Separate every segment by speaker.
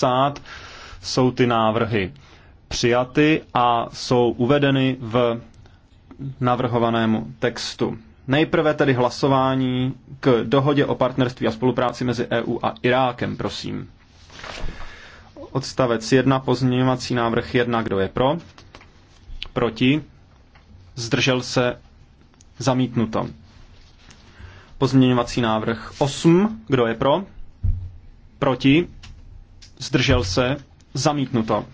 Speaker 1: 50 jsou ty návrhy přijaty a jsou uvedeny v navrhovanému textu. Nejprve tedy hlasování k dohodě o partnerství a spolupráci mezi EU a Irákem, prosím. Odstavec 1, pozměňovací návrh 1, kdo je pro? Proti? Zdržel se? Zamítnuto. Pozměňovací návrh 8, kdo je pro? Proti? zdržel se, zamítnuto.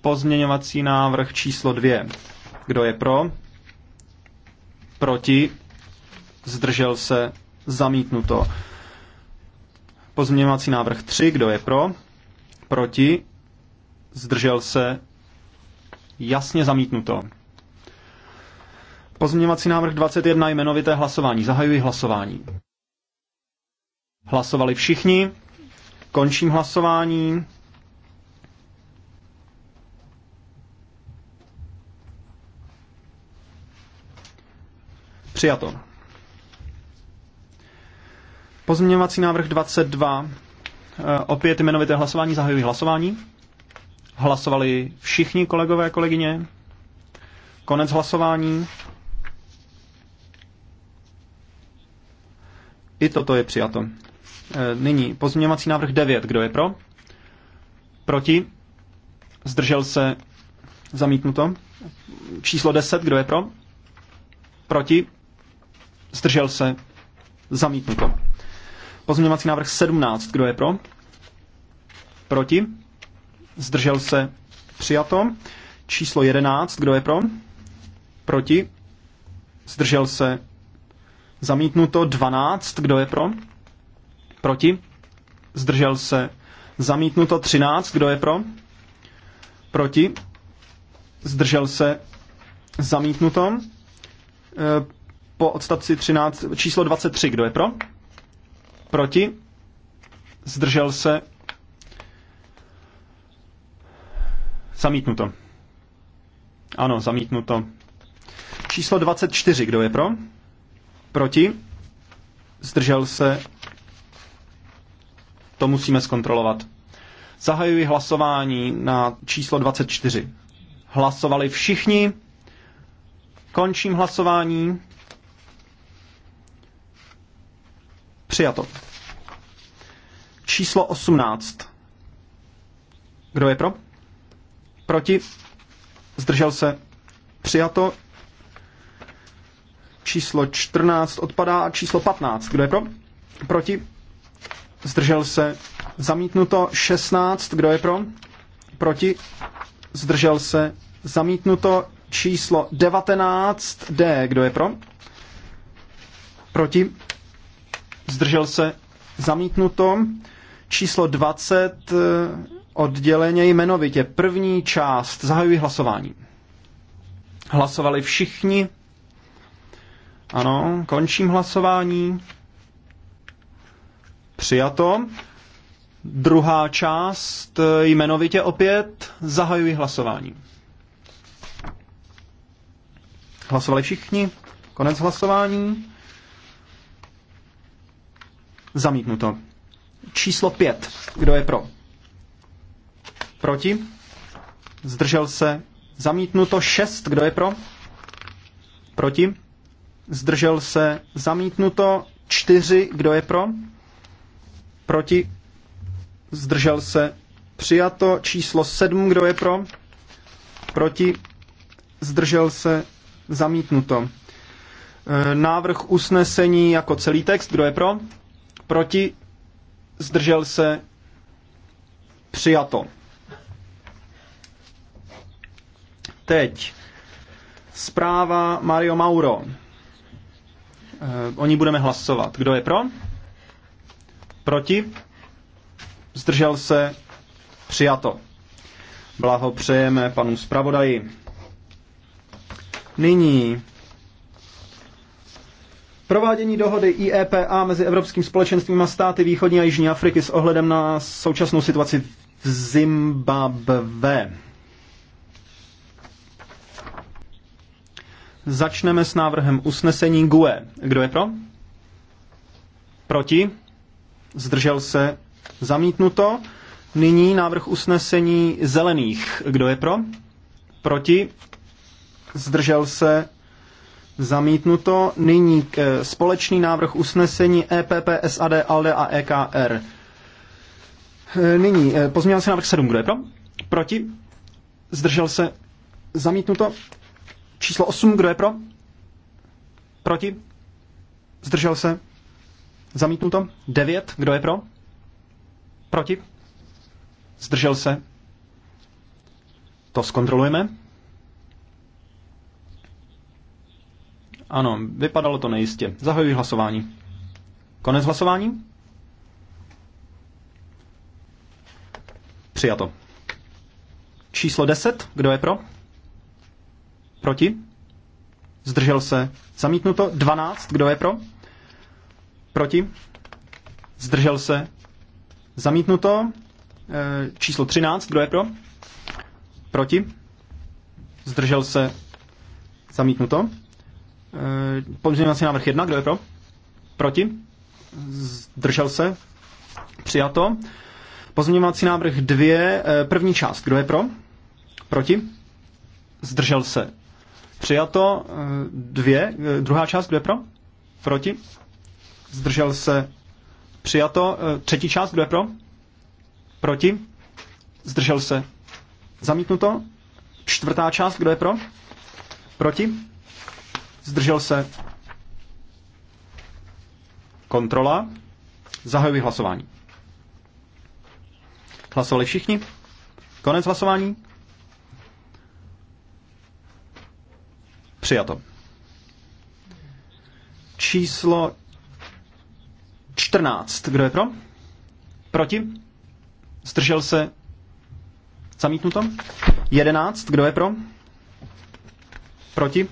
Speaker 1: Pozměňovací návrh číslo 2. Kdo je pro? Proti? Zdržel se? Zamítnuto. Pozměňovací návrh 3. Kdo je pro? Proti? Zdržel se? Jasně zamítnuto. Pozměňovací návrh 21. Jmenovité hlasování. Zahajuji hlasování. Hlasovali všichni. Končím hlasování. Přijato. Pozměňovací návrh 22. Eh, opět jmenovité hlasování. zahajují hlasování. Hlasovali všichni kolegové a kolegyně. Konec hlasování. I toto je přijato. Eh, nyní pozměňovací návrh 9. Kdo je pro? Proti? Zdržel se? Zamítnuto. Číslo 10. Kdo je pro? Proti? Zdržel se? Zamítnuto. Pozměňovací návrh 17. Kdo je pro? Proti? Zdržel se? Přijato. Číslo 11. Kdo je pro? Proti? Zdržel se? Zamítnuto. 12. Kdo je pro? Proti? Zdržel se. Zamítnuto 13. Kdo je pro? Proti? Zdržel se. Zamítnuto. E, po odstavci 13 číslo 23. Kdo je pro? Proti? Zdržel se. Zamítnuto. Ano, zamítnuto. Číslo 24. Kdo je pro? Proti? Zdržel se to musíme zkontrolovat. Zahajuji hlasování na číslo 24. Hlasovali všichni. Končím hlasování. Přijato. Číslo 18. Kdo je pro? Proti? Zdržel se? Přijato. Číslo 14 odpadá. Číslo 15. Kdo je pro? Proti? zdržel se, zamítnuto 16, kdo je pro, proti, zdržel se, zamítnuto číslo 19D, kdo je pro, proti, zdržel se, zamítnuto číslo 20 eh, odděleně jmenovitě. První část, zahajuji hlasování. Hlasovali všichni. Ano, končím hlasování. Přijato. Druhá část eh, jmenovitě opět zahajuji hlasování. Hlasovali všichni? Konec hlasování. Zamítnuto. Číslo pět. Kdo je pro? Proti? Zdržel se. Zamítnuto šest. Kdo je pro? Proti? Zdržel se. Zamítnuto čtyři. Kdo je pro? Proti? Zdržel se? Přijato číslo 7, kdo je pro? Proti? Zdržel se? Zamítnuto. E, návrh usnesení jako celý text, kdo je pro? Proti? Zdržel se? Přijato. Teď zpráva Mario Mauro. E, o ní budeme hlasovat. Kdo je pro? Proti? Zdržel se? Přijato. Blaho přejeme panu zpravodaji. Nyní Provádění dohody IEPA mezi Evropským společenstvím a státy východní a jižní Afriky s ohledem na současnou situaci v Zimbabve. Začneme s návrhem usnesení GUE. Kdo je pro? Proti? zdržel se, zamítnuto. Nyní návrh usnesení zelených. Kdo je pro? Proti? Zdržel se? Zamítnuto. Nyní eh, společný návrh usnesení EPP, SAD, ALDE a EKR. Eh, nyní se eh, návrh 7. Kdo je pro? Proti? Zdržel se? Zamítnuto. Číslo 8. Kdo je pro? Proti? Zdržel se? Zamítnuto. devět. Kdo je pro? Proti? Zdržel se? To zkontrolujeme. Ano, vypadalo to nejistě. Zahajuji hlasování. Konec hlasování? Přijato. Číslo 10. Kdo je pro? Proti? Zdržel se. Zamítnuto. 12. Kdo je pro? Proti? Zdržel se? Zamítnuto. E, číslo 13. Kdo je pro? Proti? Zdržel se? Zamítnuto. E, pozměňovací návrh 1. Kdo je pro? Proti? Zdržel se? Přijato. Pozměňovací návrh 2. E, první část. Kdo je pro? Proti? Zdržel se? Přijato. Dvě. Druhá část. Kdo je pro? Proti? zdržel se, přijato. E, třetí část, kdo je pro? Proti? Zdržel se, zamítnuto. Čtvrtá část, kdo je pro? Proti? Zdržel se, kontrola. Zahajuji hlasování. Hlasovali všichni? Konec hlasování? Přijato. Číslo 14. Kdo je pro? Proti? Zdržel se? Zamítnuto? 11. Kdo je pro? Proti?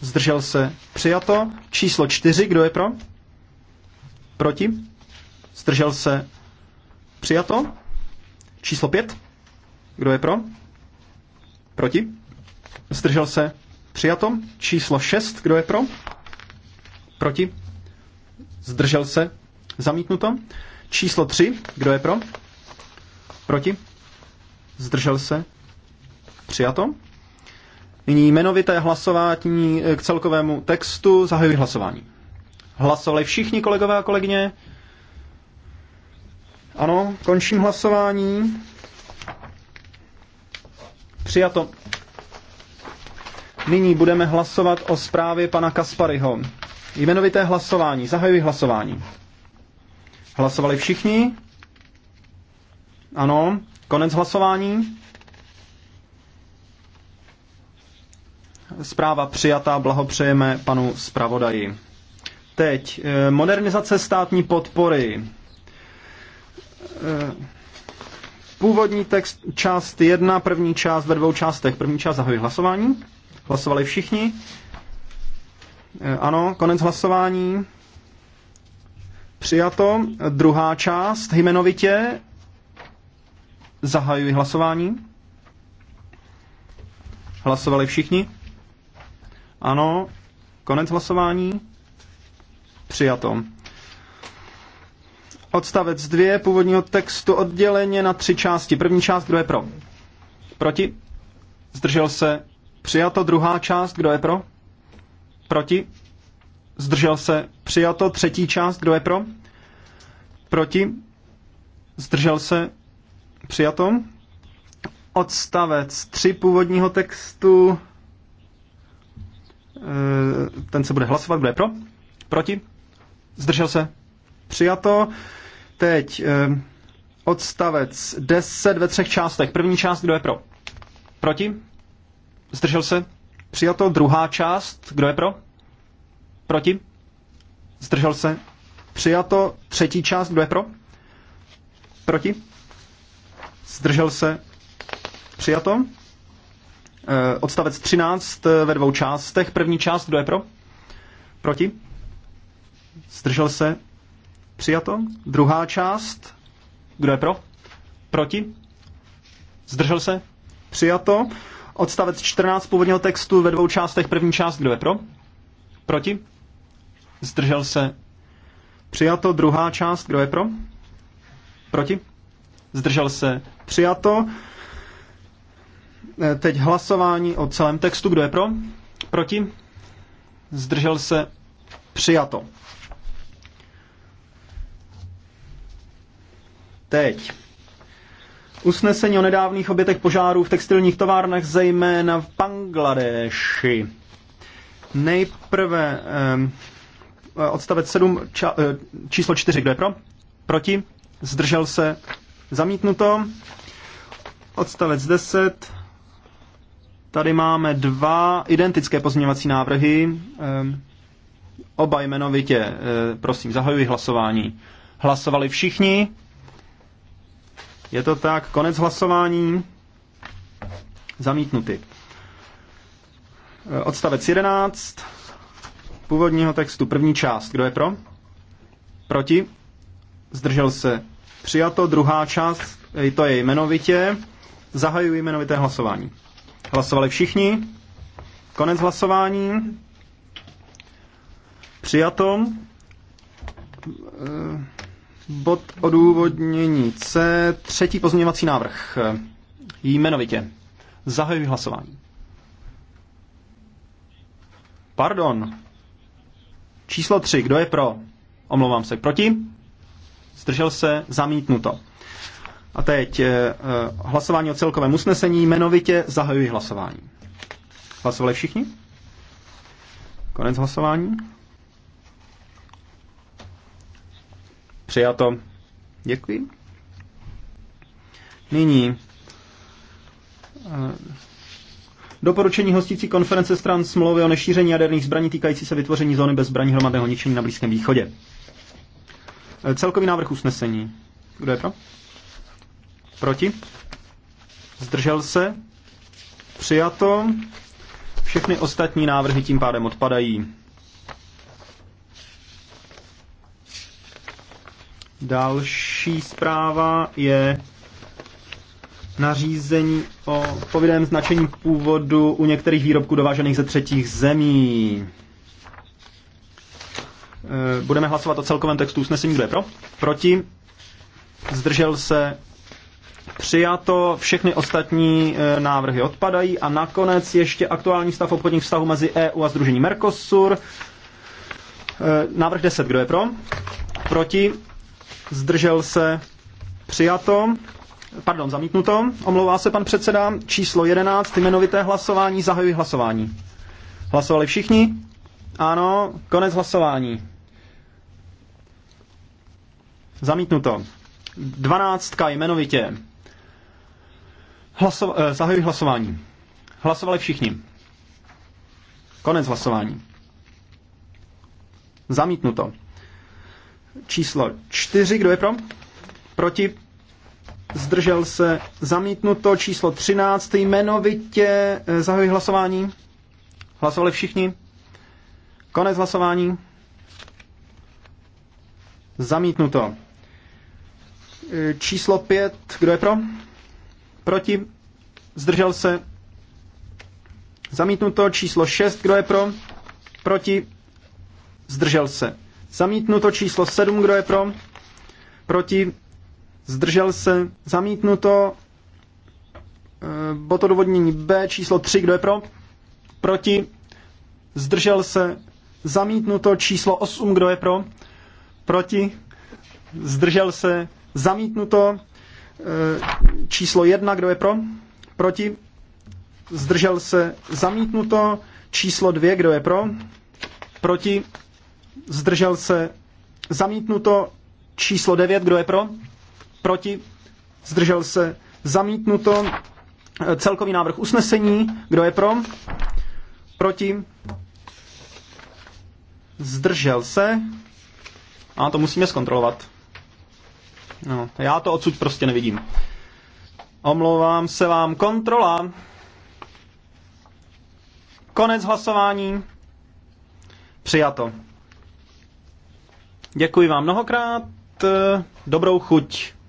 Speaker 1: Zdržel se? Přijato. Číslo 4. Kdo je pro? Proti? Zdržel se? Přijato. Číslo 5. Kdo je pro? Proti? Zdržel se? Přijato. Číslo 6. Kdo je pro? Proti? Zdržel se? Zamítnuto. Číslo 3. Kdo je pro? Proti? Zdržel se? Přijato. Nyní jmenovité hlasování k celkovému textu. Zahajuji hlasování. Hlasovali všichni kolegové a kolegyně? Ano, končím hlasování. Přijato. Nyní budeme hlasovat o zprávě pana Kasparyho. Jmenovité hlasování. Zahajuji hlasování. Hlasovali všichni? Ano, konec hlasování. Zpráva přijatá, blahopřejeme panu zpravodaji. Teď eh, modernizace státní podpory. Eh, původní text část 1, první část ve dvou částech. První část zahajuji hlasování. Hlasovali všichni. Eh, ano, konec hlasování. Přijato. Druhá část jmenovitě. Zahajuji hlasování. Hlasovali všichni? Ano. Konec hlasování. Přijato. Odstavec 2 původního textu odděleně na tři části. První část, kdo je pro? Proti? Zdržel se? Přijato. Druhá část, kdo je pro? Proti? Zdržel se? Přijato. Třetí část, kdo je pro? Proti? Zdržel se? Přijato? Odstavec 3 původního textu. E, ten se bude hlasovat. Kdo je pro? Proti? Zdržel se? Přijato. Teď e, odstavec 10 ve třech částech. První část, kdo je pro? Proti? Zdržel se? Přijato. Druhá část, kdo je pro? Proti? Zdržel se? Přijato třetí část, kdo je pro? Proti? Zdržel se? Přijato. Eh, odstavec 13 eh, ve dvou částech. První část, kdo je pro? Proti? Zdržel se? Přijato. Druhá část, kdo je pro? Proti? Zdržel se? Přijato. Odstavec 14 původního textu ve dvou částech. První část, kdo je pro? Proti? Zdržel se? Přijato druhá část, kdo je pro? Proti? Zdržel se. Přijato. E, teď hlasování o celém textu, kdo je pro? Proti? Zdržel se. Přijato. Teď. Usnesení o nedávných obětech požárů v textilních továrnách, zejména v Bangladeši. Nejprve eh, Eh, odstavec 7, ča, eh, číslo 4, kdo je pro? Proti? Zdržel se? Zamítnuto. Odstavec 10. Tady máme dva identické pozměňovací návrhy. Ehm, oba jmenovitě, eh, prosím, zahajuji hlasování. Hlasovali všichni. Je to tak, konec hlasování. Zamítnuty. Odstavec 11 původního textu. První část. Kdo je pro? Proti? Zdržel se. Přijato. Druhá část, to je jmenovitě. Zahajuji jmenovité hlasování. Hlasovali všichni. Konec hlasování. Přijato. Eh, bod odůvodnění C. Třetí pozměňovací návrh. Jmenovitě. Zahajuji hlasování. Pardon, Číslo 3. Kdo je pro? Omlouvám se. Proti? Zdržel se? Zamítnuto. A teď eh, eh, hlasování o celkovém usnesení. Jmenovitě zahajuji hlasování. Hlasovali všichni? Konec hlasování. Přijato. Děkuji. Nyní eh, Doporučení hostící konference stran smlouvy o nešíření jaderných zbraní týkající se vytvoření zóny bez zbraní hromadného ničení na Blízkém východě. E, celkový návrh usnesení. Kdo je pro? Proti? Zdržel se? Přijato. Všechny ostatní návrhy tím pádem odpadají. Další zpráva je nařízení o povinném značení původu u některých výrobků dovážených ze třetích zemí. E, budeme hlasovat o celkovém textu usnesení. Kdo je pro? Proti? Zdržel se? Přijato, všechny ostatní e, návrhy odpadají a nakonec ještě aktuální stav obchodních vztahů mezi EU a Združení Mercosur. E, návrh 10, kdo je pro? Proti? Zdržel se? Přijato. Pardon, zamítnuto. Omlouvá se pan předseda. Číslo 11, jmenovité hlasování, zahajuji hlasování. Hlasovali všichni? Ano, konec hlasování. Zamítnuto. 12 jmenovitě. Hlaso- eh, zahajuji hlasování. Hlasovali všichni. Konec hlasování. Zamítnuto. Číslo 4, kdo je pro? Proti? zdržel se, zamítnuto. Číslo 13, jmenovitě eh, zahajuji hlasování. Hlasovali všichni. Konec hlasování. Zamítnuto. Eh, číslo 5, kdo je pro? Proti? Zdržel se? Zamítnuto. Číslo 6, kdo je pro? Proti? Zdržel se. Zamítnuto. Číslo 7, kdo je pro? Proti? zdržel se, zamítnuto, e, bod odůvodnění B číslo 3, kdo je pro, proti, zdržel se, zamítnuto, číslo 8, kdo je pro, proti, zdržel se, zamítnuto, e, číslo 1, kdo je pro, proti, zdržel se, zamítnuto, číslo 2, kdo je pro, proti, zdržel se, zamítnuto, číslo 9, kdo je pro, proti, zdržel se, zamítnuto. Celkový návrh usnesení, kdo je pro, proti, zdržel se, a to musíme zkontrolovat. No, já to odsud prostě nevidím. Omlouvám se vám, kontrola. Konec hlasování. Přijato. Děkuji vám mnohokrát. Dobrou chuť.